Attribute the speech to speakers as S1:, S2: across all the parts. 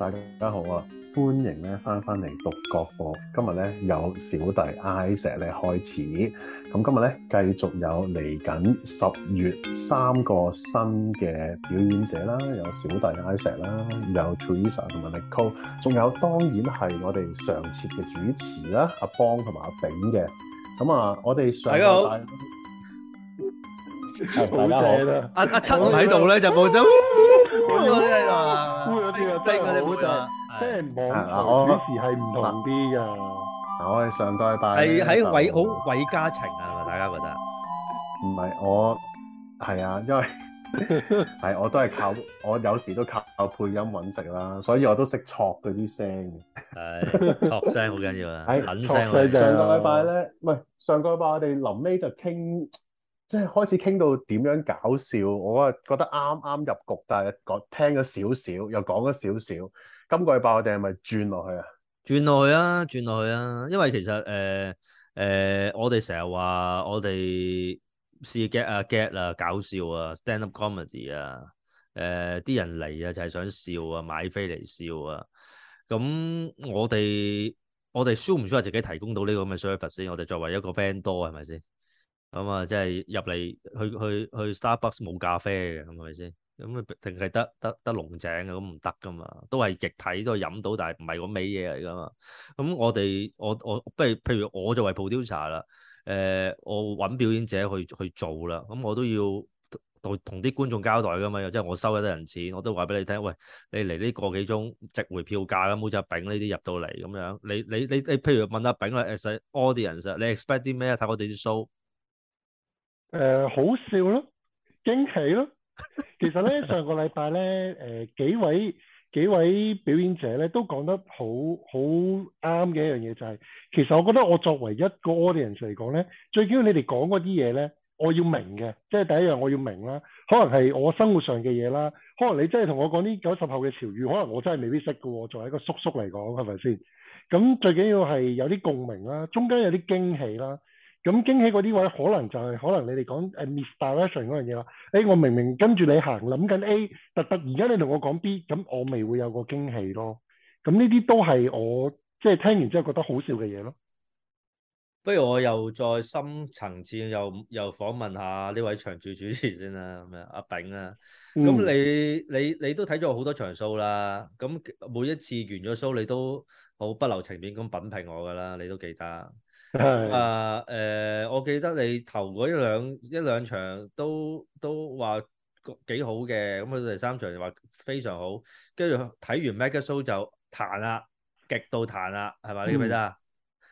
S1: 大家好啊！歡迎咧翻翻嚟讀角。貨。今日咧有小弟 I 石咧開始。咁今日咧繼續有嚟緊十月三個新嘅表演者啦，有小弟 I 石啦，有 t e r e s a 同埋 Nicole，仲有當然係我哋上節嘅主持啦，阿邦同埋阿炳嘅。咁啊，我哋大家
S2: 好， 大家好，阿阿、 啊、七喺度咧就冇沒得。
S3: 即係我哋冇錯，即係網紅
S2: 主持係唔同啲㗎。我係上個禮拜，係喺韋好韋嘉晴
S1: 啊！大家覺得唔係我係啊，因為係 我都係靠我有時都靠配音揾食啦，所以我都識錯嗰啲聲嘅。係錯 聲好緊要啊！係，錯聲上個禮拜咧，唔係聲上個禮拜我哋臨尾就傾。即係開始傾到點樣搞笑，我啊覺得啱啱入局，但係講聽咗少少，又講咗少少。今個禮拜我哋係咪轉落去啊？
S2: 轉落去啊，轉落去啊！因為其實誒誒、呃呃，我哋成日話我哋試 get 啊，get 啊，ge ge ge 搞笑啊，stand up comedy 啊，誒、呃、啲人嚟啊就係想笑啊，買飛嚟笑啊。咁我哋我哋需唔需要自己提供到呢個咁嘅 service 先？我哋作為一個 friend 多係咪先？是咁啊，即係入嚟去去去 Starbucks 冇咖啡嘅，咁係咪先？咁、嗯、啊，淨係得得得龍井嘅咁唔得噶嘛？都係液體都係飲到，但係唔係個味嘢嚟噶嘛？咁我哋我我不如，譬如我作為 producer 啦。誒，我搵、呃、表演者去去做啦。咁我都要同同啲觀眾交代噶嘛，又即係我收咗得人錢，我都話俾你聽。喂，你嚟呢個幾鐘值回票價啦，好似阿炳呢啲入到嚟咁樣。你你你你，譬如問阿炳啦，誒，as an audience，你 expect 啲咩？睇我哋啲 show。
S3: 誒、呃，好笑咯，驚喜咯。其實咧，上個禮拜咧，誒、呃，幾位幾位表演者咧，都講得好好啱嘅一樣嘢，就係、是，其實我覺得我作為一個 audience 嚟講咧，最緊要你哋講嗰啲嘢咧，我要明嘅，即係第一樣我要明啦。可能係我生活上嘅嘢啦，可能你真係同我講啲九十後嘅潮語，可能我真係未必識噶。作為一個叔叔嚟講，係咪先？咁最緊要係有啲共鳴啦，中間有啲驚喜啦。咁驚喜嗰啲位可、就是，可能就係可能你哋講誒 miss direction 嗰樣嘢啦。誒、欸，我明明跟住你行，諗緊 A，突突然間你同我講 B，咁我未會有個驚喜咯。咁呢啲都係我即係、就是、聽完之後覺得好笑嘅嘢咯。
S2: 不如我又再深層次又又訪問下呢位常駐主，主持先啦，咁樣阿炳啊，
S3: 咁、啊啊、你、嗯、你
S2: 你，你都睇咗我好多場 show 啦。咁每一次完咗 show，你都好不留情面咁品評我㗎啦。你都記得。啊，誒、uh, 呃，我記得你頭嗰一兩一兩場都都話幾好嘅，咁佢第三場就話非常好，跟住睇完 Mega Show 就彈啦，極度彈啦，係咪？你記唔記得啊？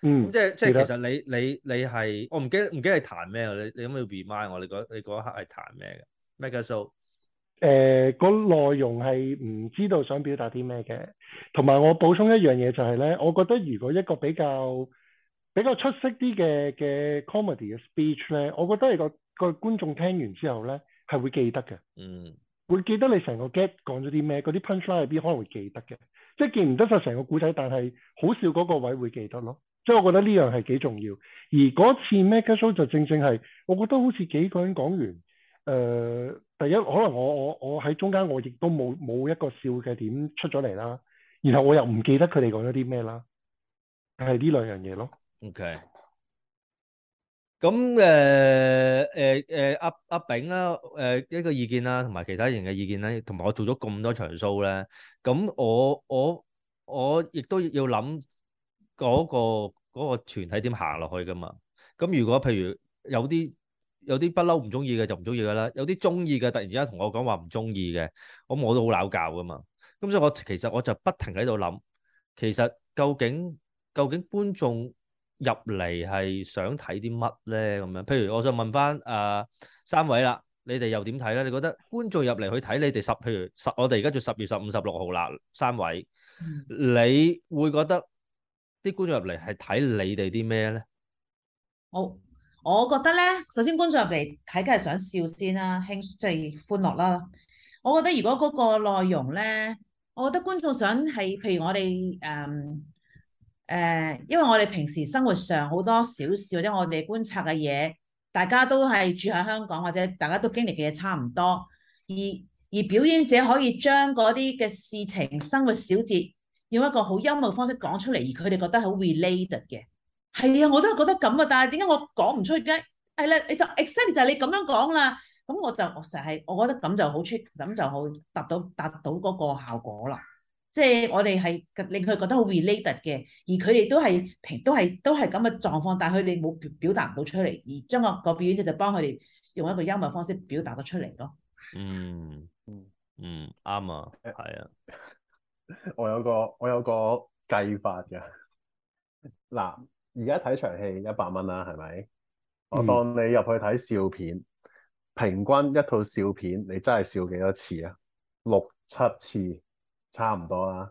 S2: 嗯，吧嗯即係、嗯、即係其實你你你係，我唔記得唔記得你彈咩啊？你你可唔可以 remind 我？你嗰你一刻係彈咩嘅 Mega Show，
S3: 誒，個內容係唔知道想表達啲咩嘅，同埋我補充一樣嘢就係咧，我覺得如果一個比較。比較出色啲嘅嘅 comedy 嘅 speech 咧，我覺得係個個觀眾聽完之後咧係會記得嘅。嗯，會記得你成個 get 講咗啲咩，嗰啲 punchline 入邊可能會記得嘅。即係記唔得曬成個古仔，但係好笑嗰個位會記得咯。即係我覺得呢樣係幾重要。而嗰次 Mini Show 就正正係，我覺得好似幾個人講完，誒、呃，第一可能我我我喺中間我亦都冇冇一個笑嘅點出咗嚟啦，然後我又唔記得佢哋講咗啲咩啦，
S2: 但係呢兩樣嘢咯。OK，咁誒誒誒阿阿炳啦，誒一個意見啦，同埋其他人嘅意見咧，同埋我做咗咁多場 show 咧，咁我我我亦都要諗嗰個嗰個團體點行落去噶嘛。咁如果譬如有啲有啲不嬲唔中意嘅就唔中意噶啦，有啲中意嘅突然之間同我講話唔中意嘅，咁我都好鬧教噶嘛。咁所以我其實我就不停喺度諗，其實究竟究竟觀眾入嚟係想睇啲乜咧咁樣？譬如我想問翻誒、呃、三位啦，你哋又點睇咧？你覺得觀眾入嚟去睇你哋十，譬如十，我哋而家就十月十五、十六號啦，三位，你會覺得啲觀眾入嚟係睇你哋啲咩咧？
S4: 好，我覺得咧，首先觀眾入嚟睇，梗係想笑先啦、啊，輕即係、即係、歡樂啦。我覺得如果嗰個內容咧，我覺得觀眾想係譬如我哋誒。嗯誒，uh, 因為我哋平時生活上好多小事或者我哋觀察嘅嘢，大家都係住喺香港或者大家都經歷嘅嘢差唔多，而而表演者可以將嗰啲嘅事情、生活小節，用一個好幽默嘅方式講出嚟，而佢哋覺得好 related 嘅。係啊，我都係覺得咁啊，但係點解我講唔出嘅？係啦，你就 exactly 就係你咁樣講啦，咁我就我成係，我覺得咁就好 cheap，咁就好達到達到嗰個效果啦。即係我哋係令佢覺得好 related 嘅，而佢哋都係平，都係都係咁嘅狀況，但係佢哋冇表表達到出嚟，而將個個表演者就幫佢哋用一個幽默方式表達咗出嚟咯、嗯。嗯嗯
S2: 啱啊，係啊
S1: 我。我有個我有個計法嘅嗱，而家睇場戲一百蚊啦，係咪？是是嗯、我當你入去睇笑片，平均一套笑片你真係笑幾多次啊？六七次。差唔多啦，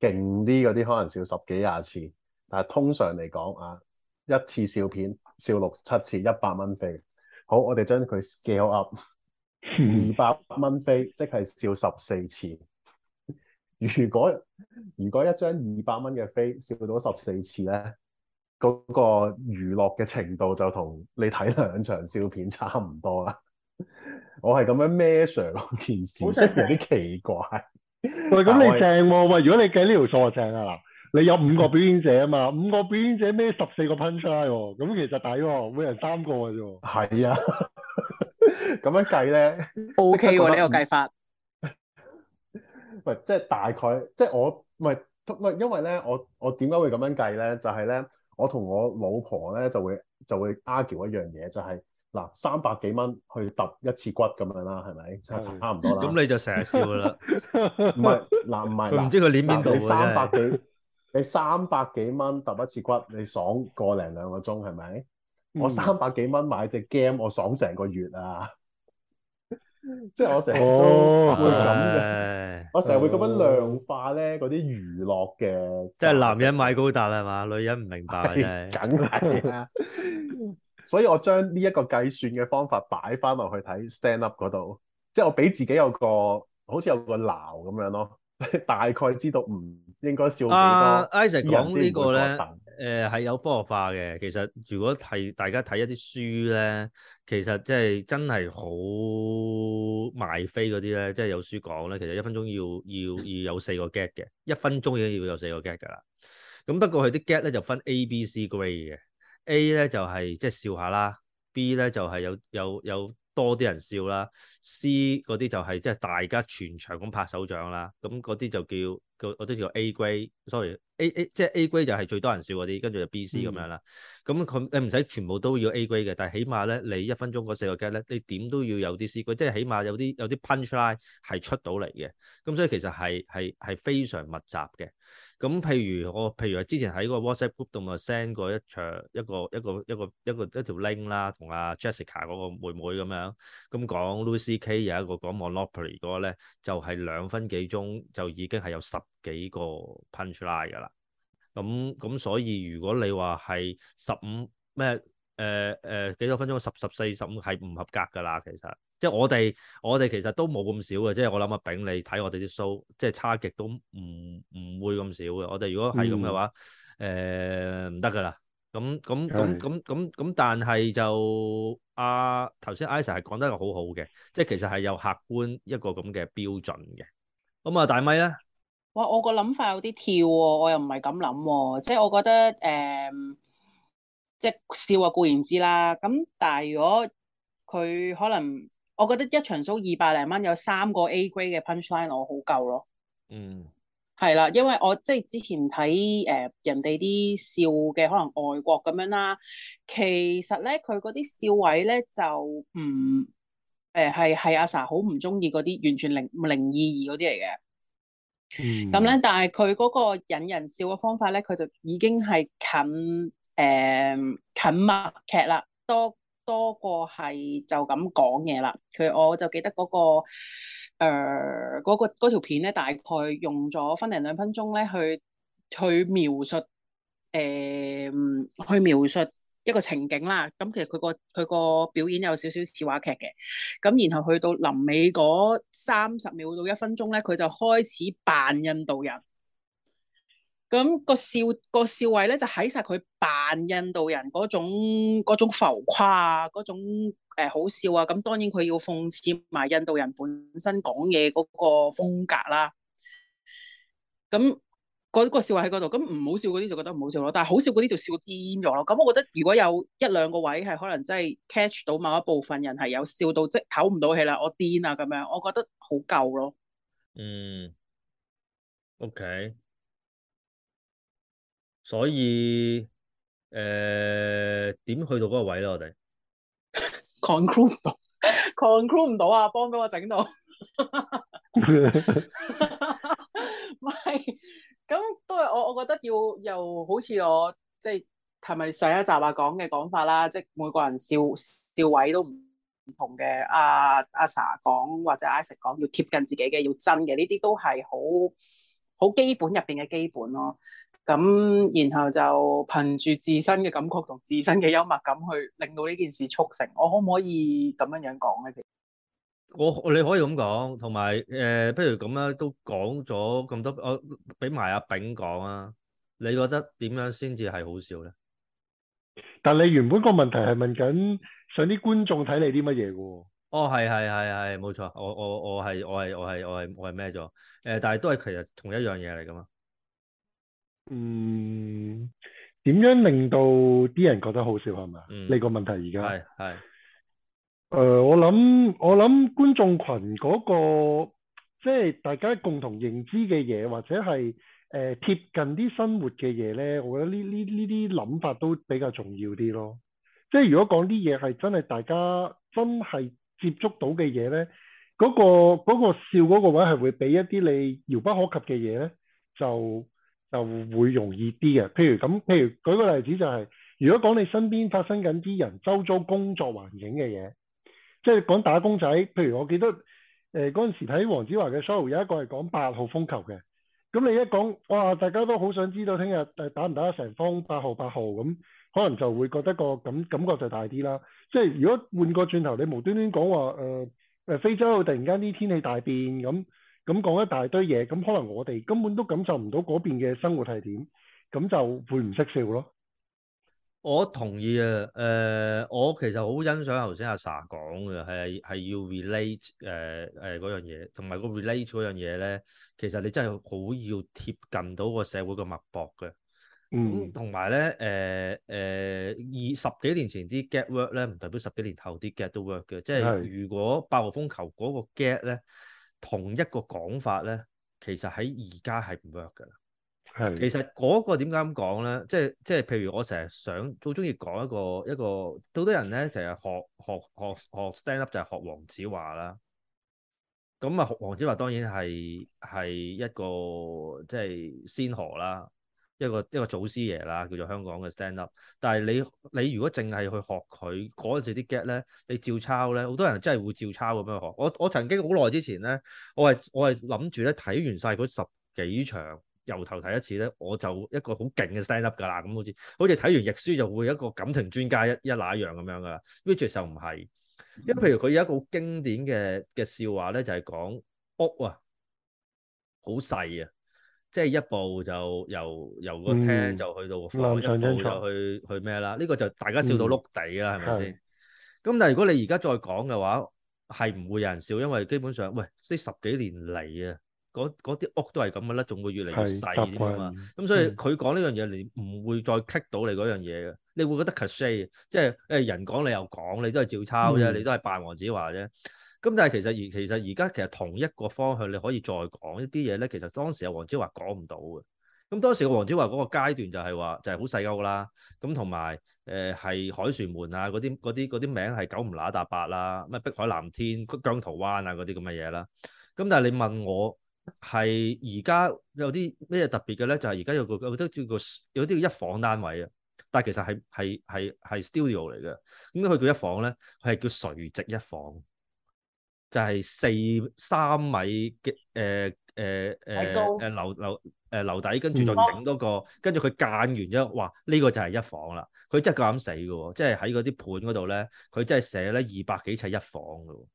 S1: 勁啲嗰啲可能笑十幾廿次，但係通常嚟講啊，一次笑片笑六七次，一百蚊飛。好，我哋將佢 scale up，二百蚊飛，即係笑十四次。如果如果一張二百蚊嘅飛笑到十四次咧，嗰個娛樂嘅程度就同你睇兩場笑片差唔多啦。我係咁樣 measure 嗰件事， 有啲奇怪。
S3: 喂，咁你正喎，哦？喂，喂，如果你計呢條數就正啊。嗱，你有五個表演者啊嘛，五個表演者孭十四個 punchline 咁其實抵喎，每人三個嘅啫。係啊，咁樣計咧，OK 喎，呢、 啊這個計法。
S1: 喂， 即係大概，即係我，喂，喂，因為咧，我我點解會咁樣計咧？就係、是、咧，我同我老婆咧就會就會 argue 一樣嘢，就係。嗱，三百幾蚊去揼一次骨咁樣啦，係咪？差差唔多啦。咁你
S2: 就成日笑啦。
S1: 唔係啦，嗱唔係，唔知佢諗邊度你三百
S2: 幾， 你
S1: 三百幾蚊揼一次骨，你爽個零兩個鐘係咪？是是嗯、我三百幾蚊買隻 game，我爽成個月啊。
S3: 即係我成日都
S1: 會咁嘅。哦、我成日會咁樣量化咧，嗰啲娛樂嘅。即係
S2: 男人買高達係嘛？女人唔明白 啊，係。梗係啦。所以我將
S1: 呢一個計算嘅方法擺翻落去睇 stand up 嗰度，即係我俾自己有個好似有個鬧咁樣咯、哦，大概知道唔應該笑幾多。Uh, Isa 講呢個咧，
S2: 誒、呃、係有科學化嘅。其實如果睇大家睇一啲書咧，其實即係真係好賣飛嗰啲咧，即、就、係、是、有書講咧，其實一分鐘要要要有四個 gag 嘅，一分鐘已經要有四個 gag 㗎啦。咁不過佢啲 gag 咧就分 A、B、C、Grade 嘅。A 咧就係即係笑下啦，B 咧就係有有有多啲人笑啦，C 嗰啲就係即係大家全場咁拍手掌啦，咁嗰啲就叫叫我都叫 A grade，sorry，A A 即係 A grade 就係最多人笑嗰啲，跟住就 B C 咁樣啦。咁佢、嗯、你唔使全部都要 A grade 嘅，但係起碼咧你一分鐘嗰四個 get 咧，你點都要有啲 C grade 即係起碼有啲有啲 punchline 係出到嚟嘅。咁所以其實係係係非常密集嘅。咁譬如我譬如之前喺個 WhatsApp group 度咪 send 過一場一個一個一個一個一條 link 啦，同阿 Jessica 嗰個妹妹咁樣咁講。Louis C.K. 有一個講 monopoly 嗰個咧，就係兩分幾鐘就已經係有十幾個 punchline 㗎啦。咁咁所以如果你話係十五咩誒誒幾多分鐘十十四十五係唔合格㗎啦，其實。即係我哋，我哋其實都冇咁少嘅。即係我諗阿炳你睇我哋啲數，即係差極都唔唔會咁少嘅。我哋如果係咁嘅話，誒唔得㗎啦。咁咁咁咁咁咁，但係就阿頭先 Isa 係講得個好好嘅，即係其實係有客觀一個咁嘅標準嘅。咁啊，大咪咧？
S5: 哇！我個諗法有啲跳喎、哦，我又唔係咁諗喎。即係我覺得誒、嗯，即係笑話固然知啦。咁但係如果佢可能？我覺得一場 show 二百零蚊有三個 A grade 嘅 punchline，我好夠咯。嗯，係啦，因為我即係之前睇誒、呃、人哋啲笑嘅，可能外國咁樣啦。其實咧，佢嗰啲笑位咧就唔誒係係阿 Sa 好唔中意嗰啲完全零零意義嗰啲嚟嘅。嗯。
S4: 咁
S5: 咧，但係佢嗰個引人笑嘅方法咧，佢就已經係近誒、呃、近默劇啦，多。多過係就咁講嘢啦，佢我就記得嗰、嗰個誒、呃，嗰條片咧，大概用咗分零兩分鐘咧去去描述，誒、呃、去描述一個情景啦。咁、嗯、其實佢個佢個表演有少少似話劇嘅，咁、嗯、然後去到臨尾嗰三十秒到一分鐘咧，佢就開始扮印度人。咁個笑個笑位咧，就喺晒佢扮印度人嗰種嗰種浮誇啊，嗰種、呃、好笑啊。咁當然佢要諷刺埋印度人本身講嘢嗰個風格啦。咁、個個笑位喺嗰度，咁唔好笑嗰啲就覺得唔好笑咯，但係好笑嗰啲就笑癲咗咯。咁我覺得如果有一兩個位係可能真係 catch 到某一部分人係有笑到即係唞唔到氣啦，我癲啊咁樣，我覺得好夠咯。
S2: 嗯，OK。所以誒，點、呃、去到嗰個位咧？我哋 conclude 唔到
S5: ，conclude 唔到啊！幫俾我整到，唔係咁都係我，我覺得要又好似我即係係咪上一集啊講嘅講法啦，即係每個人笑笑位都唔同嘅。阿阿 Sa 講或者 Ish 講要貼近自己嘅，要真嘅，呢啲都係好好基本入邊嘅基本咯。咁，然後就憑住自身嘅感覺同自身嘅幽默感去令到呢件事促成。我可唔可以咁樣樣講咧？其
S2: 我、哦、你可以咁講，同埋誒，不、呃、如咁啦，都講咗咁多，我俾埋阿炳講啊。你覺得點樣先至係好笑咧？
S3: 但你原本個問題係問緊
S2: 想啲觀眾睇你啲乜嘢噶？哦，係係係係，冇錯。我我我係我係我係我係我係咩咗？誒，但係都係其實同一樣嘢嚟噶嘛。
S3: 嗯，點樣令到啲人覺得好笑係咪啊？呢個、嗯、問題而家係係，誒、呃，我諗我諗觀眾群嗰個，即係大家共同認知嘅嘢，或者係誒、呃、貼近啲生活嘅嘢咧，我覺得呢呢呢啲諗法都比較重要啲咯。即係如果講啲嘢係真係大家真係接觸到嘅嘢咧，嗰個嗰個笑嗰個位係會俾一啲你遙不可及嘅嘢咧，就。就會容易啲嘅，譬如咁，譬如舉個例子就係，如果講你身邊發生緊啲人周遭工作環境嘅嘢，即係講打工仔，譬如我記得，誒嗰陣時睇黃子華嘅 show，有一個係講八號風球嘅，咁你一講，哇，大家都好想知道聽日誒打唔打得成風八號八號咁，可能就會覺得個感感覺就大啲啦。即係如果換個轉頭，你無端端講話誒誒非洲突然間啲天氣大變咁。咁講一大堆嘢，咁可能我哋根本都感受唔到嗰邊嘅生活係點，咁就會唔識笑咯。
S2: 我同意啊，誒，我其實好欣賞頭先阿 Sa 講嘅係係要 relate 誒誒嗰樣嘢，同埋個 relate 嗰樣嘢咧，其實你真係好要貼近到個社會嘅脈搏嘅。嗯，同埋咧，誒誒，二十幾年前啲 get work 咧，唔代表十幾年後啲 get 都 work 嘅，即係如果八號風球嗰個 get 咧。同一個講法咧，其實喺而家係唔 work 噶啦。係的其實嗰個點解咁講咧？即係即係，譬如我成日想好中意講一個一個，好多人咧成日學學學學 stand up 就係學黃子華啦。咁啊，黃子華當然係係一個即係、就是、先河啦。一個一個祖師爺啦，叫做香港嘅 stand up 但。但係你你如果淨係去學佢嗰陣時啲 get 咧，你照抄咧，好多人真係會照抄咁樣學。我我曾經好耐之前咧，我係我係諗住咧睇完晒嗰十幾場，由頭睇一次咧，我就一個好勁嘅 stand up 㗎啦。咁好似好似睇完譯書就會一個感情專家一一那樣咁樣㗎啦。Richard 就唔係，因為譬如佢有一個好經典嘅嘅笑話咧，就係、是、講屋啊，好細啊。即係一步就由由個廳就去到個房，嗯、一步就去去咩啦？呢個就大家笑到碌地啦，係咪先？咁吧是但係如果你而家再講嘅話，係唔會有人笑，因為基本上喂，啲十幾年嚟啊，嗰啲屋都係咁嘅啦，仲會越嚟越細啲啊嘛。咁所以佢講呢樣嘢，你唔會再 kick 到你嗰樣嘢嘅，你會覺得 c a 即係誒人講你又講，你都係照抄啫，嗯、你都係扮黃子華啫。咁但係其實而其實而家其實同一個方向，你可以再講一啲嘢咧。其實當時阿黃子華講唔到嘅。咁當時個黃子華嗰個階段就係話就係、是、好細歐啦。咁同埋誒係凱旋門啊，嗰啲嗰啲啲名係九唔乸搭八啦，咩碧海藍天、姜濤灣啊嗰啲咁嘅嘢啦。咁但係你問我係而家有啲咩特別嘅咧？就係而家有個我覺得叫個有啲叫一房單位啊。但係其實係係係係 studio 嚟嘅。點解佢叫一房咧？佢係叫垂直一房。就係四三米嘅誒誒誒樓樓誒樓底，跟住就整多個，嗯、跟住佢間完咗，後，哇！呢、呢個就係一房啦。佢真係夠膽死嘅喎，即係喺嗰啲盤嗰度咧，佢真係寫咧二百幾尺一房嘅。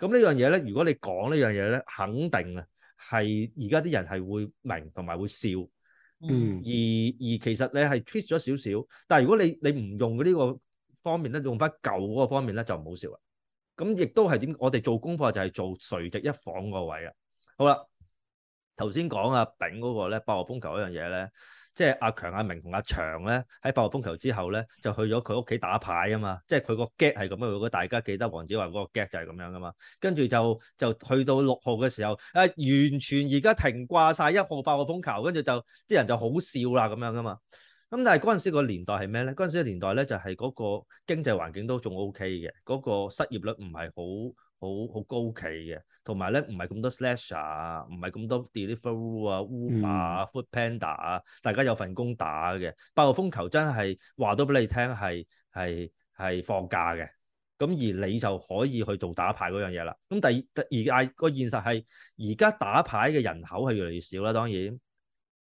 S2: 咁呢樣嘢咧，嗯嗯、如果你講呢樣嘢咧，肯定啊，係而家啲人係會明同埋會笑。嗯。而而其實你係 trick 咗少少，但係如果你你唔用呢個方面咧，用翻舊嗰個方面咧，就唔好笑啦。咁、嗯、亦都係點？我哋做功課就係做垂直一房個位啊！好啦，頭先講阿炳嗰個咧，八號風球一樣嘢咧，即係阿強、阿明同阿長咧，喺八號風球之後咧，就去咗佢屋企打牌啊嘛！即係佢個 get 係咁樣，如果大家記得黃子華嗰個 get 就係咁樣噶嘛，跟住就就去到六號嘅時候，誒、啊、完全而家停掛晒一號八號風球，跟住就啲人就好笑啦咁樣噶嘛。咁但係嗰陣時個年代係咩咧？嗰陣時嘅年代咧就係嗰個經濟環境都仲 O K 嘅，嗰、嗰個失業率唔係好好好高企嘅，同埋咧唔係咁多 Slasher 啊，唔係咁多 Deliveroo 啊、Uber 啊、Foodpanda 啊，大家有份工打嘅。八號風球真係話到俾你聽係係係放假嘅，咁而你就可以去做打牌嗰樣嘢啦。咁第第二個現實係而家打牌嘅人口係越嚟越少啦，當然。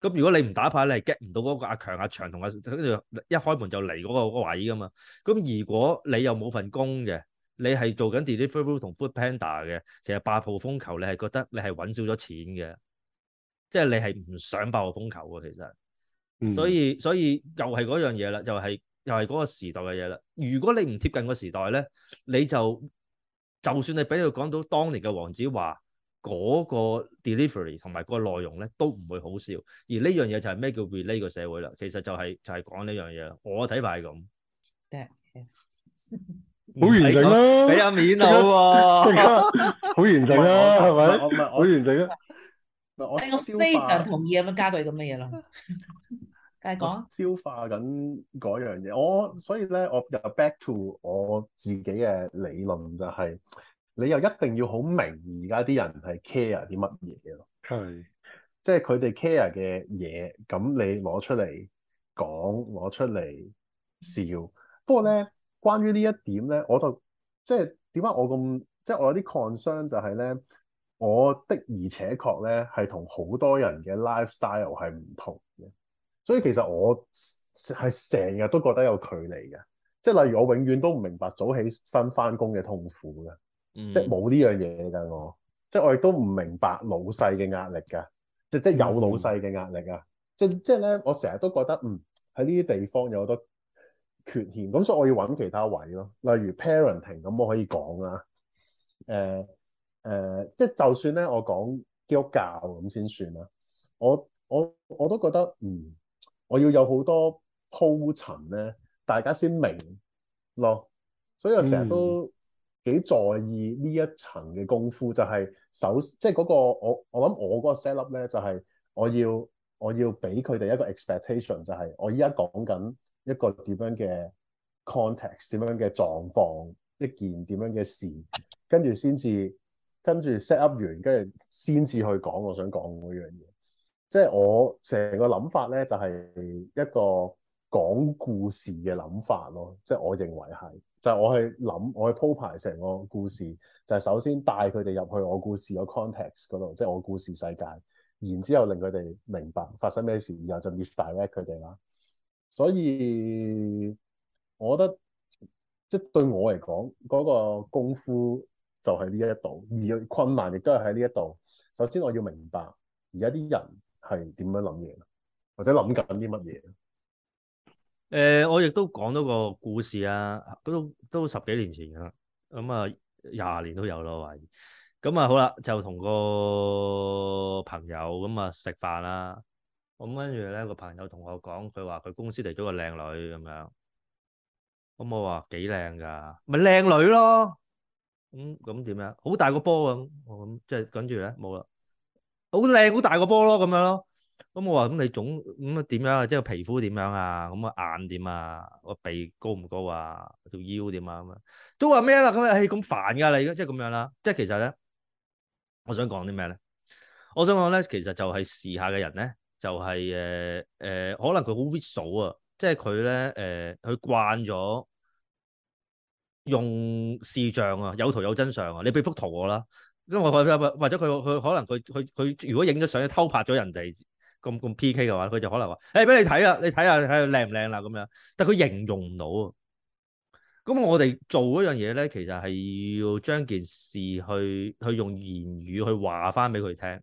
S2: 咁如果你唔打牌，你係 get 唔到嗰個阿強阿長同阿，跟住一開門就嚟嗰個位㗎嘛。咁如果你又冇份工嘅，你係做緊 deliver 同 food panda 嘅，其實爆八號風球你係覺得你係揾少咗錢嘅，即係你係唔想爆八號風球喎。其實，所以所以又係嗰樣嘢啦，就是，又係又係嗰個時代嘅嘢啦。如果你唔貼近個時代咧，你就就算你俾佢講到當年嘅黃子華。嗰個 delivery 同埋個內容咧都唔會好笑，而呢樣嘢就係咩叫 relate 個社會啦。其實就係就係講呢樣嘢。我嘅睇法係咁，好完整啦，俾面我喎，好完整啦，係咪？好完
S3: 整啊！
S4: 我我非常同意咁樣加句咁嘅嘢啦。繼續講，
S1: 消化緊嗰樣嘢。我所以咧，我入 back to 我自己嘅理論就係。你又一定要好明，而家啲人係 care 啲乜嘢咯？係即係佢哋 care 嘅嘢，咁你攞出嚟講，攞出嚟笑。嗯、不過咧，關於呢一點咧，我就即係點解我咁即係我有啲 concern 就係咧，我的而且確咧係同好多人嘅 lifestyle 係唔同嘅，所以其實我係成日都覺得有距離嘅。即係例如我永遠都唔明白早起身返工嘅痛苦嘅。嗯、即係冇呢樣嘢噶我，即係我亦都唔明白老細嘅壓力噶，即係即係有老細嘅壓力啊、嗯，即係即係咧，我成日都覺得嗯，喺呢啲地方有好多缺陷，咁所以我要揾其他位咯，例如 parenting 咁我可以講啊，誒、呃、誒、呃，即係就算咧我講基督教咁先算啦，我我我，我都覺得嗯，我要有好多鋪陳咧，大家先明咯，所以我成日都，嗯幾在意呢一層嘅功夫，就係、是、首即係嗰個我我諗我嗰個 set up 咧，就係、是那個我，我，我，就是、我要我要俾佢哋一個 expectation，就係我依家講緊一個點樣嘅 context，點樣嘅狀況，一件點樣嘅事，跟住先至跟住 set up 完，跟住先至去講我想講嗰樣嘢。即係我成個諗法咧，就係、是就是、一個講故事嘅諗法咯。即、就、係、是、我認為係。就我係諗，我係鋪排成個故事，就係首先帶佢哋入去我故事個 context 嗰度，即係我故事世界，然之後令佢哋明白發生咩事，然後就 misdirect 佢哋啦。所以我覺得即係對我嚟講，嗰個功夫就喺呢一度，而困難亦都係喺呢一度。首先我要明白而家啲人係點樣諗嘅，或者諗緊啲乜嘢。
S2: 誒、呃，我亦都講到個故事啊，都都十幾年前噶啦，咁啊廿年都有咯，懷疑、啊。咁啊好啦，就同個朋友咁啊食飯啦，咁跟住咧個朋友同我講，佢話佢公司嚟咗個靚女咁樣，咁我話幾靚噶，咪靚女咯。咁咁點樣？好大個波啊！我咁即係跟住咧冇啦，好靚好大個波，就是、波咯，咁樣咯。咁、嗯、我話，咁你總咁啊點樣啊即係皮膚點樣啊，咁啊眼點啊個鼻高唔高啊條腰點啊，咁啊都話咩啦，咁啊係咁煩噶啦。而家即係咁樣啦，即係其實咧我想講啲咩咧，我想講咧其實就係時下嘅人咧就係誒誒，可能佢好 visual 啊，即係佢咧誒佢慣咗用視像啊，有圖有真相啊，你俾幅圖我啦，因為為為為咗佢佢可能佢佢佢如果影咗相偷拍咗人哋。咁咁 P.K. 嘅話，佢就可能話，誒，俾你睇啦，你睇下睇下靚唔靚啦，咁樣。但係佢形容唔到啊，咁我哋做嗰樣嘢咧，其實係要將件事去去用言語去話翻俾佢聽。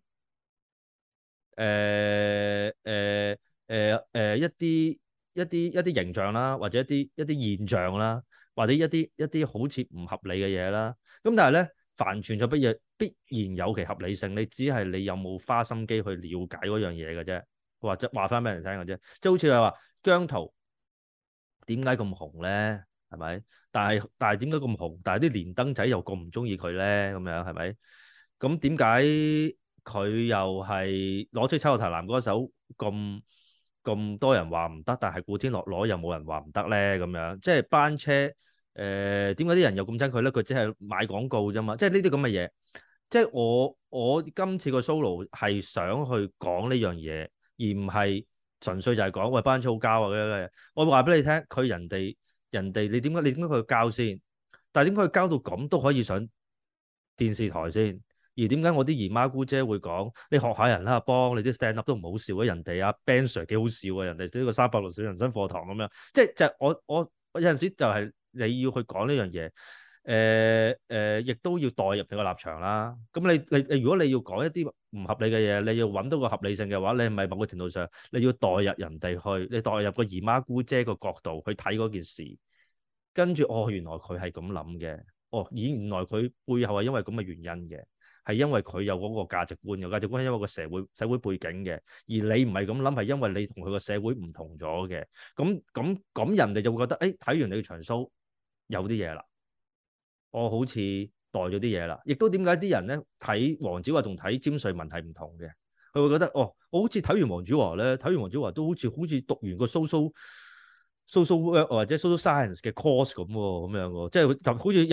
S2: 誒誒誒誒，一啲一啲一啲形象啦，或者一啲一啲現象啦，或者一啲一啲好似唔合理嘅嘢啦。咁但係咧。凡存在必嘢，必然有其合理性。你只係你有冇花心機去了解嗰樣嘢嘅啫，或者話翻俾人聽嘅啫。即係好似你話姜濤點解咁紅咧？係咪？但係但係點解咁紅？但係啲連登仔又咁唔中意佢咧？咁樣係咪？咁點解佢又係攞出秋《秋葉台》男歌手咁咁多人話唔得，但係古天樂攞又冇人話唔得咧？咁樣即係班車。誒，點解啲人又咁憎佢咧？佢只係買廣告啫嘛，即係呢啲咁嘅嘢。即係我我今次個 solo 係想去講呢樣嘢，而唔係純粹就係講喂，班嘈交啊啲嘢。我話俾你聽，佢人哋人哋你點解你點解佢教先？但係點解佢教到咁都可以上電視台先？而點解我啲姨媽姑姐會講你學下人啦、啊，幫你啲 stand up 都唔好笑啊！人哋啊 Ben Sir 幾好笑啊！人哋呢個三百六小人生課堂咁樣，即係就係我我我有陣時就係。你要去講呢樣嘢，誒、呃、誒，亦、呃、都要代入你個立場啦。咁你你你，如果你要講一啲唔合理嘅嘢，你要搵到個合理性嘅話，你係咪某個程度上你要代入人哋去，你代入個姨媽姑姐個角度去睇嗰件事，跟住哦，原來佢係咁諗嘅，哦，而原來佢背後係因為咁嘅原因嘅，係因為佢有嗰個價值觀嘅，價值觀係因為個社會社會背景嘅，而你唔係咁諗，係因為你同佢個社會唔同咗嘅。咁咁咁，人哋就會覺得誒，睇、哎、完你嘅長 show。有啲嘢啦，我好似代咗啲嘢啦，亦都點解啲人咧睇黃子華尖同睇詹瑞文係唔同嘅，佢會覺得哦，我好似睇完黃子華咧，睇完黃子華都好似好似讀完個蘇蘇蘇蘇或者蘇、so、蘇 science、so、嘅 course 咁咁樣喎，即係就好似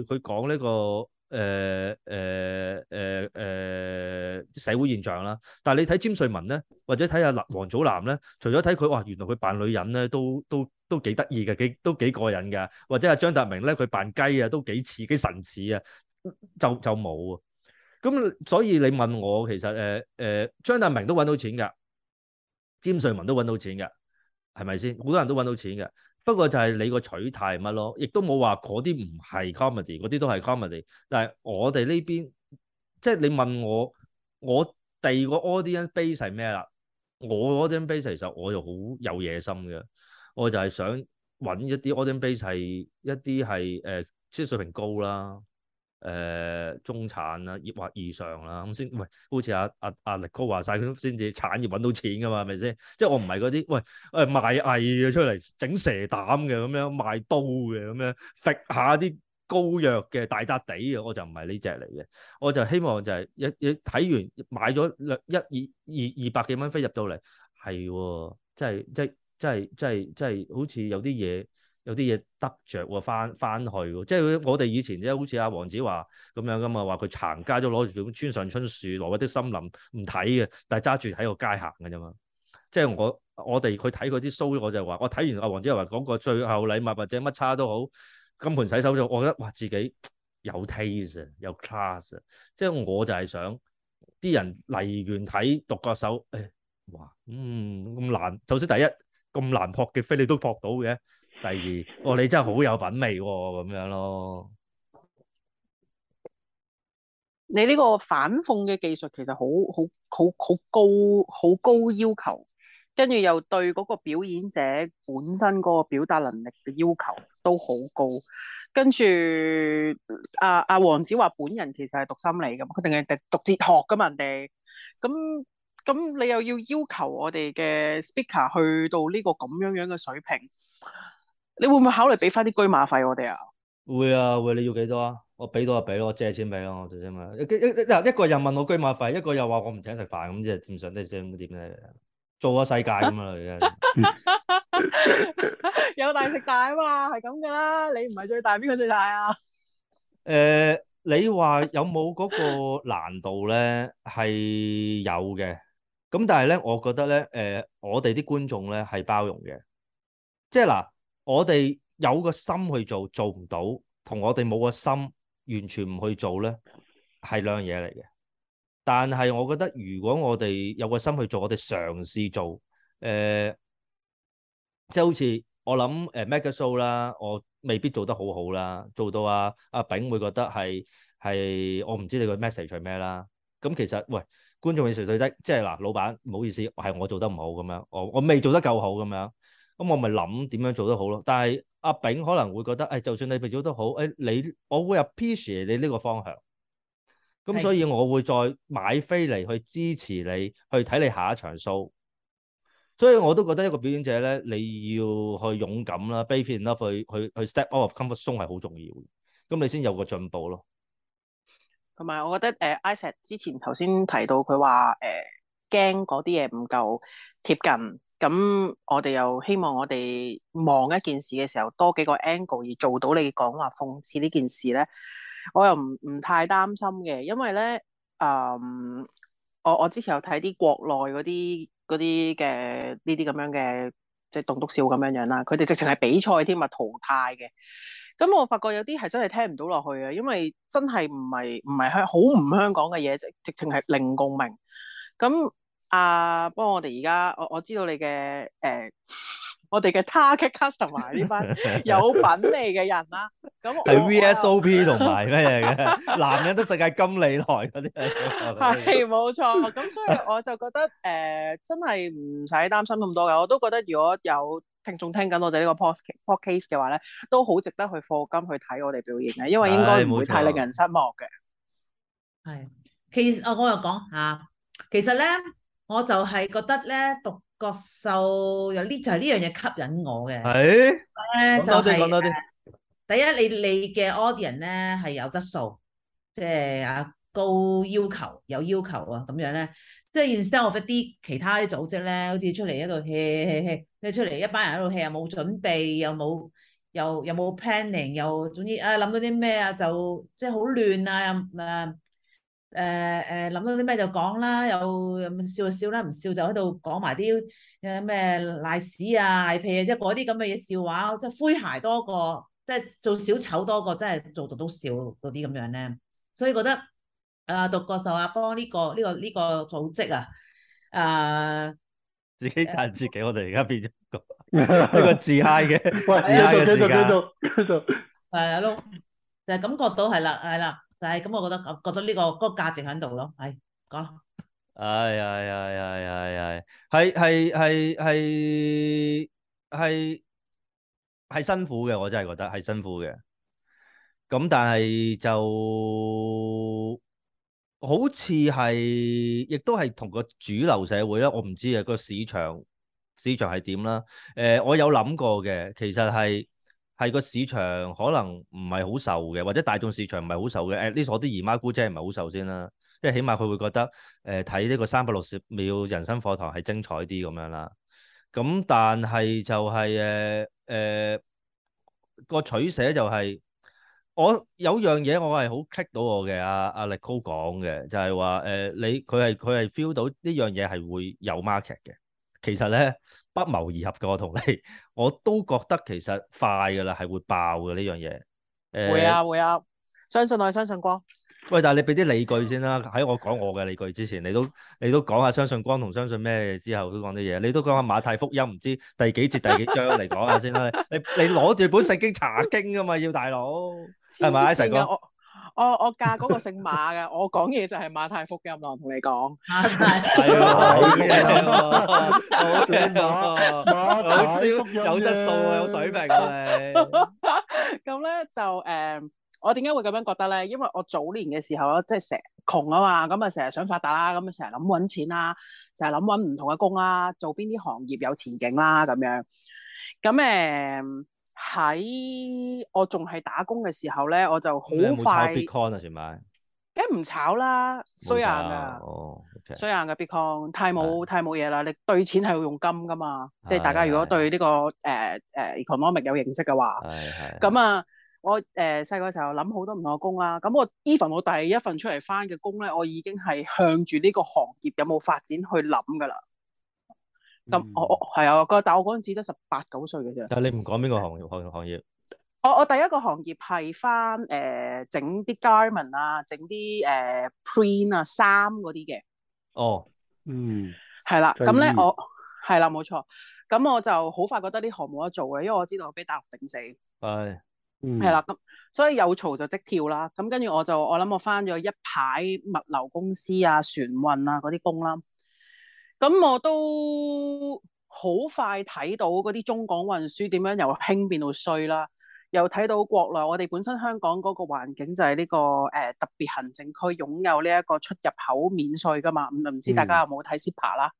S2: 入咗去佢講呢、這個。誒誒誒誒，社會現象啦。但係你睇詹瑞文咧，或者睇下林王祖藍咧，除咗睇佢哇，原來佢扮女人咧，都都都幾得意嘅，幾都幾過癮嘅。或者阿張達明咧，佢扮雞啊，都幾似，幾神似啊，就就冇。咁所以你問我，其實誒誒，張達明都搵到錢噶，詹瑞文都搵到錢噶，係咪先？好多人都搵到錢噶。不過就係你個取態乜咯，亦都冇話嗰啲唔係 comedy，嗰啲都係 comedy。但係我哋呢邊，即係你問我，我第二個 audience base 係咩啦？我 audience base 其實我就好有野心嘅，我就係想揾一啲 audience base 係一啲係誒，即、呃、係水平高啦。誒、呃，中產啦、啊，抑或以上啦、啊，咁先，喂，好似阿阿阿力哥話晒咁，先、啊、至、啊、產業揾到錢噶嘛，係咪先？即係我唔係嗰啲，喂，誒、呃、賣藝嘅出嚟，整蛇膽嘅咁樣，賣刀嘅咁樣，搣下啲膏藥嘅大笪地嘅，我就唔係呢隻嚟嘅。我就希望就係、是、一一睇完，買咗兩一,一二二二百幾蚊飛入到嚟，係，真係真即真即真真係好似有啲嘢。有啲嘢得着喎、啊，翻翻去，即係我哋以前即係好似阿黃子華咁樣噶嘛，話佢行街都攞住種村上春樹《挪威的森林》唔睇嘅，但係揸住喺個街行嘅啫嘛。即係我我哋佢睇佢啲 show，我就話我睇完阿黃子華講個最後禮物或者乜叉都好，金盆洗手就我覺得哇自己有 taste 有 class 啊！即係我就係想啲人嚟完睇獨角手，誒、哎、哇嗯咁難，首先第一咁難撲嘅飛你都撲到嘅。第二，哦，你真係好有品味喎、哦！咁樣咯，
S5: 你呢個反諷嘅技術其實好好好好高，好高要求，跟住又對嗰個表演者本身嗰個表達能力嘅要求都好高。跟住阿阿黃子華本人其實係讀心理噶嘛，佢定係讀讀哲學噶嘛？人哋咁咁，你又要要求我哋嘅 speaker 去到呢個咁樣樣嘅水平。你會唔會考慮俾翻啲居馬費我哋啊？
S2: 會啊，會。你要幾多啊？我俾到就俾咯，我借錢俾咯。最起碼一一一一個又問我居馬費，一個又話我唔請食飯咁，即係唔想啲聲點咧，做下世界咁啊！而家有大食大啊嘛，係咁噶啦。你唔係
S5: 最大，邊個最大啊？
S2: 誒、呃，你話有冇嗰個難度咧？係 有嘅。咁但係咧，我覺得咧，誒、呃，我哋啲觀眾咧係包容嘅，即係嗱。我哋有個心去做，做唔到，同我哋冇個心，完全唔去做咧，係兩樣嘢嚟嘅。但係我覺得，如果我哋有個心去做，我哋嘗試做，誒、呃，即係好似我諗誒 maga show 啦，我未必做得好好啦，做到啊阿炳會覺得係係，我唔知你個 message 係咩啦。咁、嗯、其實喂，觀眾要垂垂得？即係嗱，老闆唔好意思，係我做得唔好咁樣，我我未做得夠好咁樣。咁我咪諗點樣做得好咯，但係阿炳可能會覺得，誒、哎，就算你做得好，誒、哎，你我會 appreciate 你呢個方向，咁所以我會再買飛嚟去支持你，去睇你下一場 show，所以我都覺得一個表演者咧，你要去勇敢啦，baby love 去去去 step out of comfort zone 係好重要嘅，咁你先有個進步咯。
S5: 同埋我覺得誒、呃、Isaac 之前頭先提到佢話誒，驚嗰啲嘢唔夠貼近。咁我哋又希望我哋望一件事嘅時候，多幾個 angle 而做到你講話諷刺呢件事咧，我又唔唔太擔心嘅。因為咧，嗯，我我之前有睇啲國內嗰啲啲嘅呢啲咁樣嘅即係棟篤笑咁樣樣啦，佢哋直情係比賽添啊淘汰嘅，咁我發覺有啲係真係聽唔到落去啊，因為真係唔係唔係香好唔香港嘅嘢，直直情係零共鳴，咁。啊，不過我哋而家我我知道你嘅誒、欸，我哋嘅 target customer 呢班有品味嘅人
S2: 啦、啊。咁係 VSOP 同埋咩嘅？男人都世界金利來嗰啲係
S5: 冇錯。咁 所以我就覺得誒、欸，真係唔使擔心咁多嘅。我都覺得如果有聽眾聽緊我哋呢個 post podcast 嘅話咧，都好值得去課金去睇我哋表現嘅，因為應該唔會太令人失望嘅。係、哎 ，
S4: 其實我又講吓，其實咧。我就係覺得咧，獨角獸有呢就係呢樣嘢吸引我嘅。係的，
S5: 講、
S4: 就是、多啲，講多啲。第一，你你嘅 audience 咧係有質素，即係啊高要求，有要求啊咁樣咧。即、就、係、是、instead of 一啲其他啲組織咧，好似出嚟喺度 hea hea hea 即係出嚟一班人喺度 hea 又冇準備，又冇又又冇 planning，又總之啊諗到啲咩啊，就即係好亂啊啊！誒誒，諗、呃呃、到啲咩就講啦，又笑就笑啦，唔笑就喺度講埋啲誒咩瀨屎啊瀨屁啊，即係嗰啲咁嘅嘢笑話，即係詼諧多過，即係做小丑多過，嗯，真係做到都笑嗰啲咁樣咧。所以覺得啊，獨角播啊，幫呢個呢個呢個組織啊，
S2: 誒，自己讚自己，我哋而家變咗一個自嗨嘅，自嗨嘅而
S4: 家。係咯，就係感覺到係啦，係啦。是但係咁，我覺得，我覺得呢個嗰個價值喺度咯。
S2: 係，講。係係係係係係係係係係辛苦嘅，我真係覺得係辛苦嘅。咁但係就好似係，亦都係同個主流社會咧，我唔知啊，個市場市場係點啦。誒，我有諗過嘅，其實係。係個市場可能唔係好受嘅，或者大眾市場唔係好受嘅。誒呢所啲姨媽姑姐唔係好受先啦，即係起碼佢會覺得誒睇呢個三百六十秒人生課堂係精彩啲咁樣啦。咁但係就係誒誒個取捨就係、是、我有樣嘢我係好 click 到我嘅，阿、啊、阿、啊、力高講嘅就係話誒你佢係佢係 feel 到呢樣嘢係會有 market 嘅。其實咧。不謀而合嘅我同你，我都覺得其實快噶啦，係會爆嘅呢樣嘢。會啊會
S5: 啊，相信我，相信光。
S2: 喂，但係你俾啲理據先啦。喺我講我嘅理據之前，你都你都講下相信光同相信咩之後都講啲嘢。你都講下馬太福音，唔知第幾節第幾章，嚟講下先啦。你你攞住本聖經查經㗎嘛，要大佬係咪啊，成哥？
S5: 我我嫁嗰個姓馬嘅，我講嘢就係馬太福音咯，我同你講。
S2: 係啊， 好正啊，喔，好正啊，馬太福音，有質素啊，有水平啊你。
S5: 咁咧就誒，我點解會咁樣覺得咧？因為我早年嘅時候咧，即係成日窮啊嘛，咁啊成日想發達啦，咁啊成日諗搵錢啦，就係諗搵唔同嘅工啦，做邊啲行業有前景啦，咁樣。咁誒。嗯喺我仲係打工嘅時候咧，我就好快。Bitcoin 啊？前排梗唔炒啦，衰炒硬噶，
S2: 衰、哦 okay.
S5: 硬嘅 Bitcoin 太冇的太冇嘢啦。你兌錢係要用金噶嘛？的即係大家如果對呢、呢個誒誒 economic 有認識嘅話，咁啊，我誒細個嘅時候諗好多唔同嘅工啦。咁我 even 我第一份出嚟返嘅工咧，我已經係向住呢個行業有冇發展去諗㗎啦。咁、嗯、我我係啊，但係我嗰陣時都十八九歲嘅啫。但係
S2: 你唔講邊個行業行行業？行行行
S5: 業我我第一個行業係翻誒整、呃、啲 garment 啊，整啲誒 print 啊衫嗰啲嘅。
S2: 哦，嗯，係啦的。咁咧意我
S5: 係啦，冇錯。咁我就好快覺得啲行冇得做嘅，因為我知道我俾大陸頂死。
S2: 係、哎、係、嗯、啦。
S5: 咁所以有嘈就即跳啦。咁跟住我就我諗我翻咗一排物流公司啊、船運啊嗰啲工啦。咁我都好快睇到嗰啲中港運輸點樣由興變到衰啦，又睇到國內我哋本身香港嗰個環境就係呢、這個誒、呃、特別行政區擁有呢一個出入口免稅噶嘛，咁唔知大家有冇睇 SIPA 啦，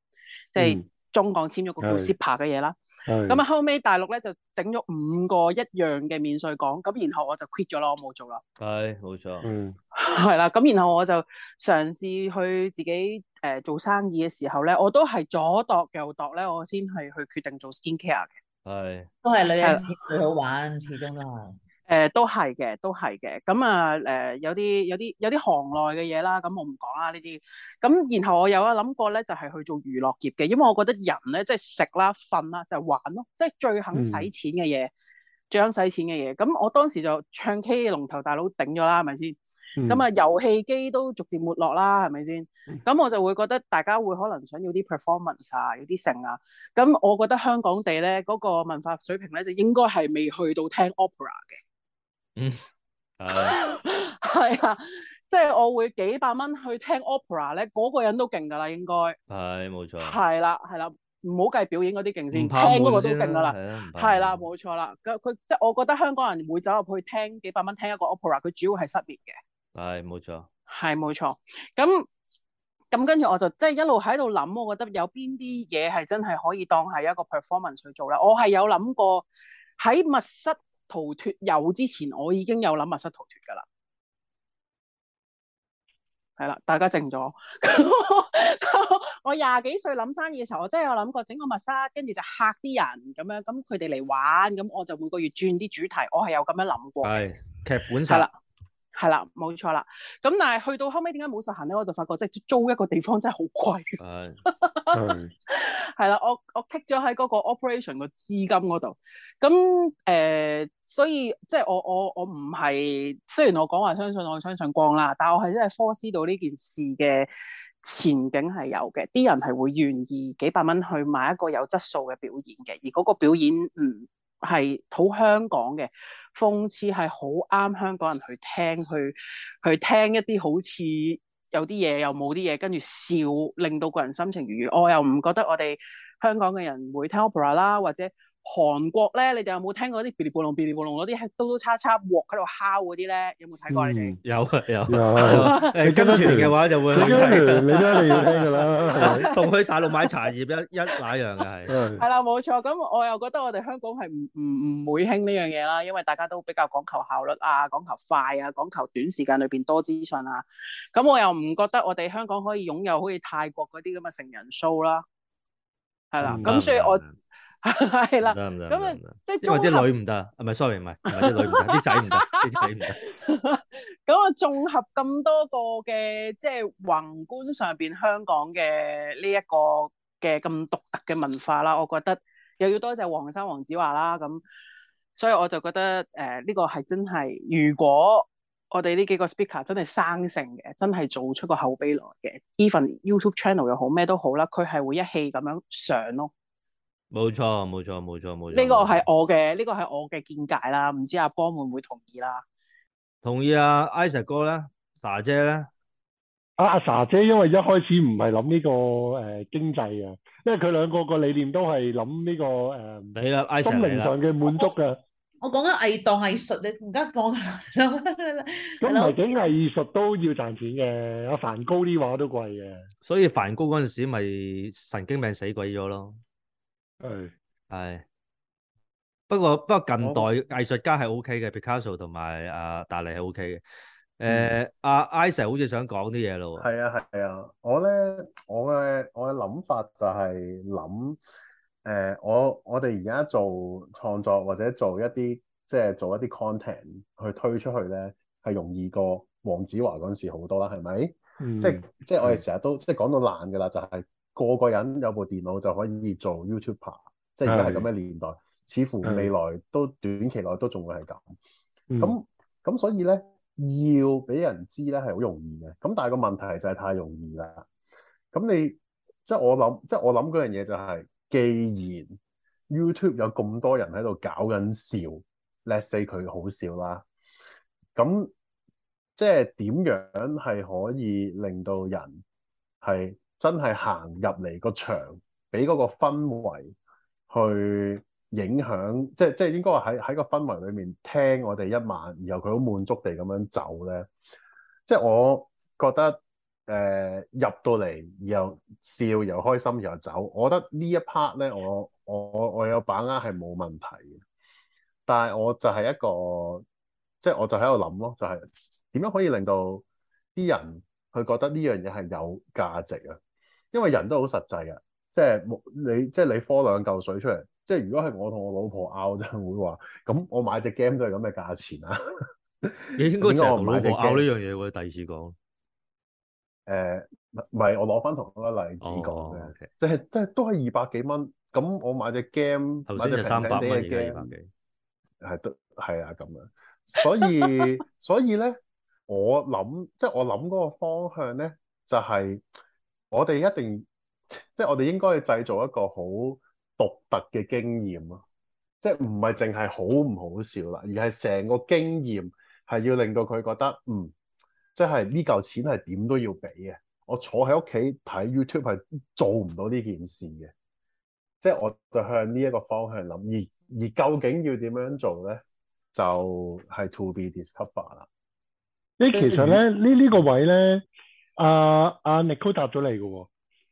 S5: 即係。中港簽咗個叫 SIPA 嘅嘢啦，咁啊的後尾大陸咧就整咗五個一樣嘅免稅港，咁然後我就 quit 咗咯，我冇做啦。
S2: 係，冇錯。嗯，
S5: 係啦，咁然後我就嘗試去自己誒、呃、做生意嘅時候咧，我都係左度右度咧，我先係去決定做 Skin Care 嘅。
S4: 係的。都係女人最好玩，始終都係。
S5: 誒都係嘅，都係嘅。咁啊，誒、嗯呃、有啲有啲有啲行內嘅嘢啦，咁我唔講啦呢啲。咁然後我有啊諗過咧，就係去做娛樂業嘅，因為我覺得人咧即係食啦、瞓啦就係、玩咯，即、就、係、是、最肯使錢嘅嘢，嗯、最肯使錢嘅嘢。咁我當時就唱 K 嘅龍頭大佬頂咗啦，係咪先？咁啊、嗯、遊戲機都逐漸沒落啦，係咪先？咁、嗯、我就會覺得大家會可能想要啲 performance 啊，有啲剩啊。咁我覺得香港地咧嗰、那個文化水平咧，就應該係未去到聽 opera 嘅。嗯，係啊， 即係我會幾百蚊去聽 opera 咧，嗰個人都勁噶啦，應該
S2: 係冇錯，係
S5: 啦係啦，唔好計表演嗰啲勁先，怕聽嗰個都勁噶啦，係啦冇錯啦，佢佢即係我覺得香港人會走入去聽幾百蚊聽一個 opera，
S2: 佢主要係失眠嘅，係冇錯，係冇錯，
S5: 咁咁跟住我就即係一路喺度諗，我覺得有邊啲嘢係真係可以當係一個 performance 去做啦，我係有諗過喺密室逃脫，有之前我已經有諗密室逃脱噶啦，係啦，大家靜咗。 我廿幾歲諗生意嘅時候，我真係有諗過整個密室，跟住就嚇啲人咁樣，咁佢哋嚟玩，咁我就每個月轉啲主題，我係有咁樣諗
S2: 過。係劇本上。
S5: 係啦，冇錯啦。咁但係去到後尾點解冇實行咧？我就發覺即係租一個地方真係好貴。係，係啦，我我剔咗喺嗰個 operation 個資金嗰度。咁誒、呃，所以即係我我我唔係，雖然我講話相信我相信光啦，但係我係真係 foresee 到呢件事嘅前景係有嘅，啲人係會願意幾百蚊去買一個有質素嘅表演嘅，而嗰個表演嗯。係好香港嘅諷刺，係好啱香港人去聽，去去聽一啲好似有啲嘢又冇啲嘢，跟住笑，令到個人心情愉悅。我又唔覺得我哋香港嘅人會聽 opera 啦，或者。韓國咧，你哋有冇聽過啲嗶哩嗶隆、嗶哩嗶隆嗰啲喺刀刀叉叉鑊喺度敲嗰啲咧？
S2: 有冇睇過你哋？有啊有，你跟團嘅話就會你都係要聽噶啦，同去大陸買茶葉一一那樣嘅係。係
S5: 啦，冇錯。咁我又覺得我哋香港係唔
S2: 唔唔會興
S5: 呢樣嘢啦，因為大家都比較講求效率啊，講求快啊，講求短時間裏邊多資訊啊。咁我又唔覺得我哋香港可以擁有好似泰國嗰啲咁嘅成人 show 啦。
S2: 係啦，咁所以我。
S5: 係啦，咁啊，即係或者女唔
S2: 得，唔係，sorry，唔係，啲女唔得，啲仔唔得。
S5: 咁我綜合咁多個嘅，即係宏觀上邊香港嘅呢一個嘅咁獨特嘅文化啦，我覺得又要多謝黃生黃子華啦。咁所以我就覺得誒，呢個係真係，如果我哋呢幾個 speaker 真係生性嘅，真係做出個口碑來嘅，even YouTube channel 又好咩都好啦，佢係會一氣咁樣上咯。
S2: 冇錯，冇錯，冇錯，冇錯。呢個係
S5: 我嘅，呢個係我嘅見解啦。唔知阿波會唔會同意啦？
S2: 同意啊，Isaac 哥咧，Sa 姐咧。阿 Sa 姐因為一開始唔係
S3: 諗呢個誒經濟嘅，因
S2: 為佢兩個個理念都係諗呢個誒唔
S3: 理啦。心靈上嘅滿足噶。
S4: 我講緊藝當藝術，你而家
S3: 講咁整藝術都要賺錢嘅。阿梵高啲畫都貴嘅，
S2: 所以梵高嗰陣時咪神經病死鬼咗咯。係係，不過不過近代藝術家係 O K 嘅，Picasso 同埋啊達利係 O K 嘅。誒、呃、阿、嗯啊、Isher 好似想講啲嘢咯。係啊係啊，
S1: 我咧我嘅我嘅諗法就係諗誒，我我哋而家做創作或者做一啲即係做一啲 content 去推出去咧，係容易過黃子華嗰陣時好多啦，係咪？嗯。即嗯即係我哋成日都即係講到爛噶啦，就係、是。個個人有部電腦就可以做 YouTuber 即係而家係咁嘅年代，的似乎未來都短期內都仲會係咁。咁咁、嗯、所以咧，要俾人知咧係好容易嘅。咁但係個問題就係太容易啦。咁你即係我諗，即係我諗嗰樣嘢就係、是，既然 YouTube 有咁多人喺度搞緊笑，let's say 佢好笑啦，咁即係點樣係可以令到人係？真係行入嚟個場，俾嗰個氛圍去影響，即即應該話喺喺個氛圍裏面聽我哋一晚，然後佢好滿足地咁樣走咧。即我覺得誒、呃、入到嚟，然後笑，然後開心，又走，我覺得一呢一 part 咧，我我我有把握係冇問題嘅。但係我就係一個即我就喺度諗咯，就係、是、點樣可以令到啲人佢覺得呢樣嘢係有價值啊？.因為人都好實際嘅，即係冇你，即係你科兩嚿水出嚟，即係如果係我同我老婆拗，就係會話咁，我買隻 game 就係咁嘅價錢啊。
S2: 」你應該成日同老婆拗呢樣嘢喎，第二次講。
S1: 誒、嗯，唔係我攞翻同個例子講嘅，就係、哦 okay. 即係都係二百幾蚊。咁我買隻 game，頭先三百蚊嘅 game，係都係啊咁樣。所以所以咧， 我諗即係我諗嗰個方向咧，就係、是。我哋一定即係我哋應該去製造一個好獨特嘅經驗咯，即係唔係淨係好唔好笑啦，而係成個經驗係要令到佢覺得嗯，即係呢嚿錢係點都要俾嘅。我坐喺屋企睇 YouTube 係做唔到呢件事嘅，即係我就向呢一個方向諗，而而究竟要點樣做咧，就係 to be discover 啦。
S3: 呢其實咧呢呢、嗯、個位咧。啊啊，力高、uh，答咗你嘅喎、哦。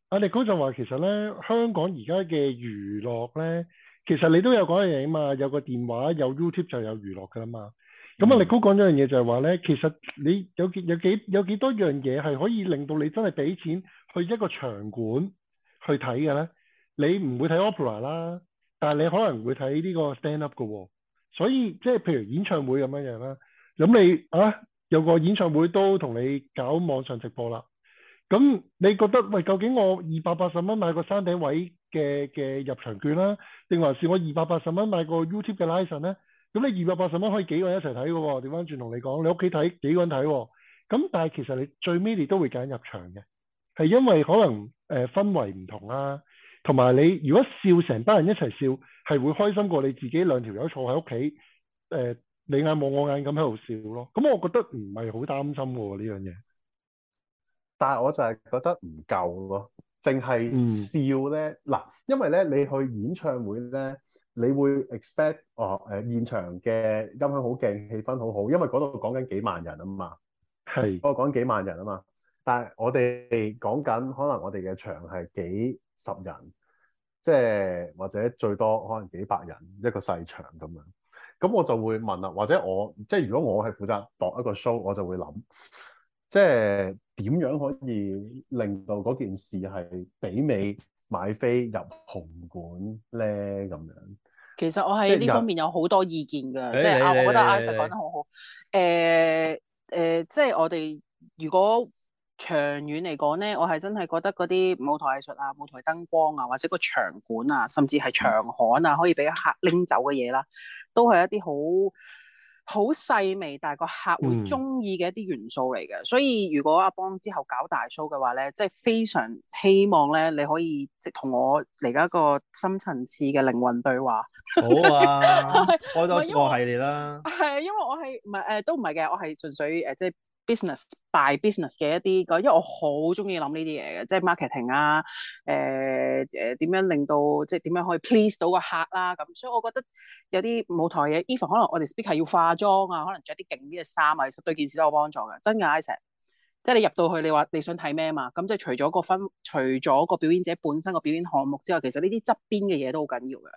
S3: 阿力高就話：其實咧，香港而家嘅娛樂咧，其實你都有講一樣嘢嘛。有個電話，有 YouTube 就有娛樂㗎啦嘛。咁阿力高講咗一樣嘢就係話咧，其實你有幾有幾有幾多樣嘢係可以令到你真係俾錢去一個場館去睇嘅咧？你唔會睇 Opera 啦，但係你可能會睇呢個 stand up 嘅喎、哦。所以即係譬如演唱會咁樣樣啦。咁你啊？有個演唱會都同你搞網上直播啦，咁你覺得，喂，究竟我二百八十蚊買個山頂位嘅嘅入場券啦、啊，定還是我二百八十蚊買個 YouTube 嘅 license 咧、啊？咁你二百八十蚊可以幾個人一齊睇嘅喎？調翻轉同你講，你屋企睇幾個人睇喎、哦？咁但係其實你最尾你都會揀入場嘅，係因為可能誒、呃、氛圍唔同啦、啊，同埋你如果笑成班人一齊笑，係會開心過你自己兩條友坐喺屋企誒。呃你眼望我眼咁喺度笑咯，咁我覺得唔係好擔心喎呢樣嘢，但係我就係覺得唔夠咯，
S1: 淨係笑咧嗱，嗯、因為咧你去演唱會咧，你會 expect 哦誒、呃、現場嘅音響好勁，氣氛好好，因為嗰度講緊幾萬人啊嘛，係嗰度講緊幾萬人啊嘛，但係我哋講緊可能我哋嘅場係幾十人，即係或者最多可能幾百人一個細場咁樣。咁我就會問啦，或者我即係如果我係負責度一個 show，我就會諗，即係點樣可以令到嗰件事係媲美買飛入紅館咧咁樣。其
S5: 實我喺呢方面有好多意見㗎，即係阿我覺得阿石講得好好。誒誒，即係我哋如果。長遠嚟講咧，我係真係覺得嗰啲舞台藝術啊、舞台燈光啊，或者個場館啊，甚至係場刊啊，可以俾客拎走嘅嘢啦，都係一啲好好細微，但係個客會中意嘅一啲元素嚟嘅。嗯、所以如果阿邦之後搞大 show 嘅話咧，即係非常希望咧，你可以即同我嚟一個深層次嘅靈魂對話。好啊，開 是多個系列啦。係，因為我係唔係誒，都唔係嘅，我係純粹誒即係。呃就是 business by business 嘅一啲個，因為我好中意諗呢啲嘢嘅，即係 marketing 啊，誒誒點樣令到即係點樣可以 please 到個客啦咁、啊，所以我覺得有啲舞台嘢，even 可能我哋 speak 係要化妝啊，可能着啲勁啲嘅衫啊，其實對件事都有幫助嘅，真嘅。I said，即係你入到去，你話你想睇咩嘛？咁即係除咗個分，除咗個表演者本身個表演項目之外，其實呢啲側邊嘅嘢都好緊要嘅。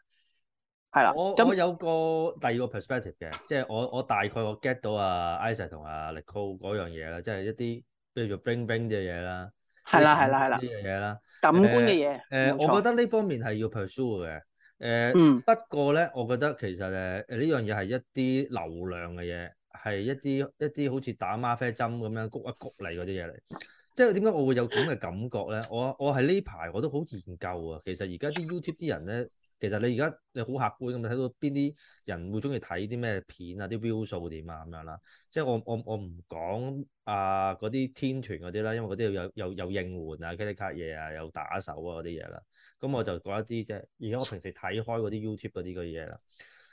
S2: 係啦，我真 我有個第二個 perspective 嘅，即係我我大概我 get 到啊 Isa 同阿 Nicole 嗰樣嘢啦，即係一啲，譬如做 bling bling 嘅嘢啦，係啦，係啦，係啦呢樣嘢啦，感官嘅嘢。誒、呃，錯我覺得呢方面係要 pursue 嘅。誒、呃，嗯，不過咧，我覺得其實誒誒呢樣嘢係一啲流量嘅嘢，係一啲一啲好似打馬啡針咁樣，谷一谷嚟嗰啲嘢嚟。即係點解我會有咁嘅感覺咧？ 我我係呢排我都好研究啊。其實而家啲 YouTube 啲人咧。其實你而家你好客觀咁睇到邊啲人會中意睇啲咩片啊，啲 view 數點啊咁樣啦。即係我我我唔講啊嗰啲天團嗰啲啦，因為嗰啲有有有應援啊、k i 卡嘢啊、有打手啊嗰啲嘢啦。咁我就講一啲即係而家我平時睇開嗰啲 YouTube 嗰啲嘅嘢啦。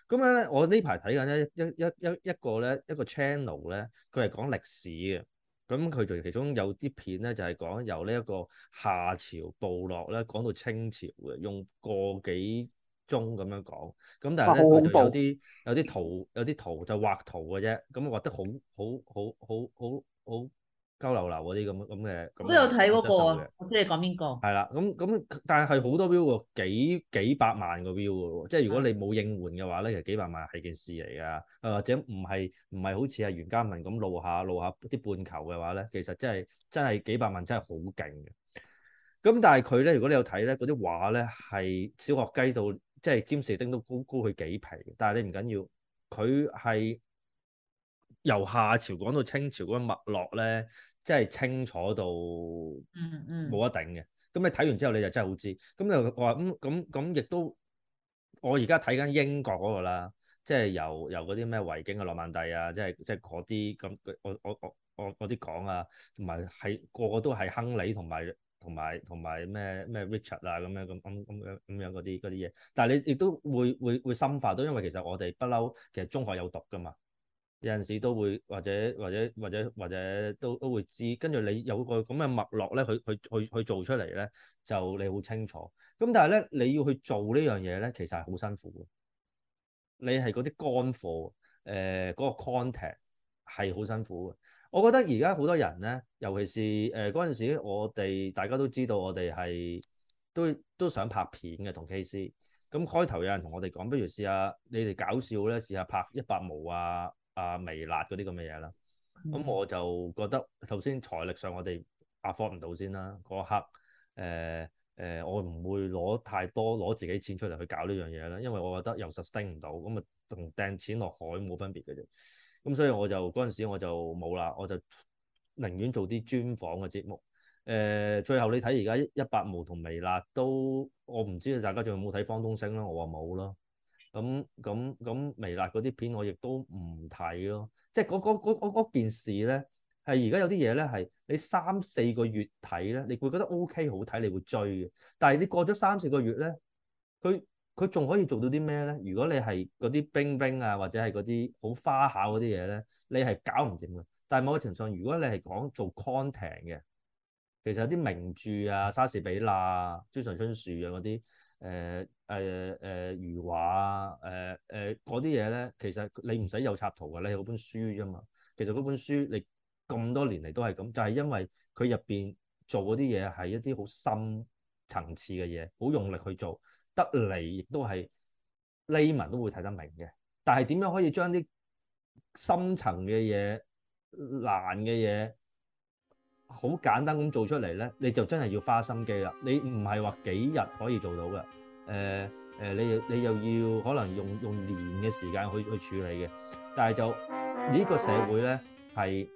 S2: 咁咧我呢排睇緊咧一一一一個咧一個 channel 咧，佢係講歷史嘅。咁佢就其中有啲片咧就係、是、講由呢一個夏朝部落咧講到清朝嘅，用個幾。中咁樣講，咁但係咧佢有啲有啲圖有啲圖就畫圖嘅啫，咁畫得好好好好好好勾溜溜嗰啲咁咁嘅。都有睇嗰個，
S4: 我知你講邊個？
S2: 係啦，咁咁但係好多 view 喎，幾幾百萬個 view 喎，即係如果你冇應援嘅話咧，其實幾百萬係件事嚟㗎。或者唔係唔係好似係袁嘉文咁露下露下啲半球嘅話咧，其實真係真係幾百萬真係好勁嘅。咁但係佢咧，如果你有睇咧，嗰啲畫咧係小學雞到。即係占士丁都高高佢幾皮，但係你唔緊要，佢係由夏朝講到清朝嗰個脈絡咧，即係清楚到，嗯嗯，冇得頂嘅。咁你睇完之後你就真係好知。咁又我話咁咁咁亦都，我而家睇緊英國嗰個啦，即係由由嗰啲咩維京嘅諾曼第啊，即係即係嗰啲咁，我我我我啲講啊，同埋係個個都係亨利同埋。同埋同埋咩咩 Richard 啊，咁樣咁咁咁樣咁樣嗰啲啲嘢，但係你亦都會會會會深化到，因為其實我哋不嬲，其實中學有讀噶嘛，有陣時都會或者或者或者或者都都會知，跟住你有個咁嘅脈絡咧，去去去去做出嚟咧，就你好清楚。咁但係咧，你要去做呢樣嘢咧，其實係好辛苦嘅。你係嗰啲幹貨，誒、呃、嗰、嗰個 content 係好辛苦嘅。我覺得而家好多人咧，尤其是誒嗰陣時我，我哋大家都知道我哋係都都想拍片嘅同 K C。咁開頭有人同我哋講，不如試下你哋搞笑咧，試下拍一百毛啊啊微辣嗰啲咁嘅嘢啦。咁、嗯、我就覺得頭先財力上我哋 afford 唔到先啦。嗰刻誒誒、呃呃，我唔會攞太多攞自己錢出嚟去搞呢樣嘢啦，因為我覺得又實升唔到，咁啊同掟錢落海冇分別嘅啫。咁所以我就嗰陣時我就冇啦，我就寧願做啲專訪嘅節目。誒、呃，最後你睇而家一百毛同微辣都，我唔知道大家仲有冇睇方東升啦，我話冇咯。咁咁咁，微辣嗰啲片我亦都唔睇咯。即係嗰、嗰嗰、件事咧，係而家有啲嘢咧係你三四個月睇咧，你會覺得 OK 好睇，你會追嘅。但係你過咗三四個月咧，佢。佢仲可以做到啲咩咧？如果你係嗰啲冰冰啊，或者係嗰啲好花巧嗰啲嘢咧，你係搞唔掂嘅。但係某個程度上，如果你係講做 content 嘅，其實有啲名著啊，莎士比亞啊、村上春樹啊嗰啲，誒誒誒余華啊、誒誒嗰啲嘢咧，其實你唔使有插圖嘅，你係嗰本書啫嘛。其實嗰本書你咁多年嚟都係咁，就係因為佢入邊做嗰啲嘢係一啲好深層次嘅嘢，好用力去做。得嚟亦都係 layman 都會睇得明嘅，但係點樣可以將啲深層嘅嘢，難嘅嘢好簡單咁做出嚟咧？你就真係要花心機啦！你唔係話幾日可以做到嘅？誒、呃、誒，你又你又要可能用用年嘅時間去去處理嘅。但係就呢個社會咧，係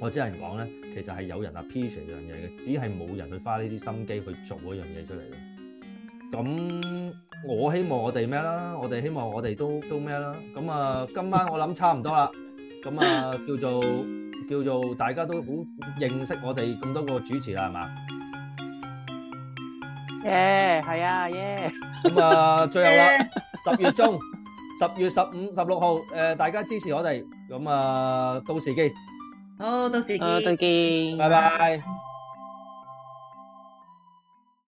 S2: 我只能講咧，其實係有人啊，批評一樣嘢嘅，只係冇人去花呢啲心機去做嗰樣嘢出嚟。咁我希望我哋咩啦？我哋希望我哋都都咩啦？咁啊，今晚我諗差唔多啦。咁啊，叫做叫做大家都好認識我哋咁多個主持啦，係嘛？耶，係啊，耶。咁啊，最後啦，十月中，十月十五、十六號，誒，大家支持我哋，咁啊，到時見。好，到時見，再見。拜拜。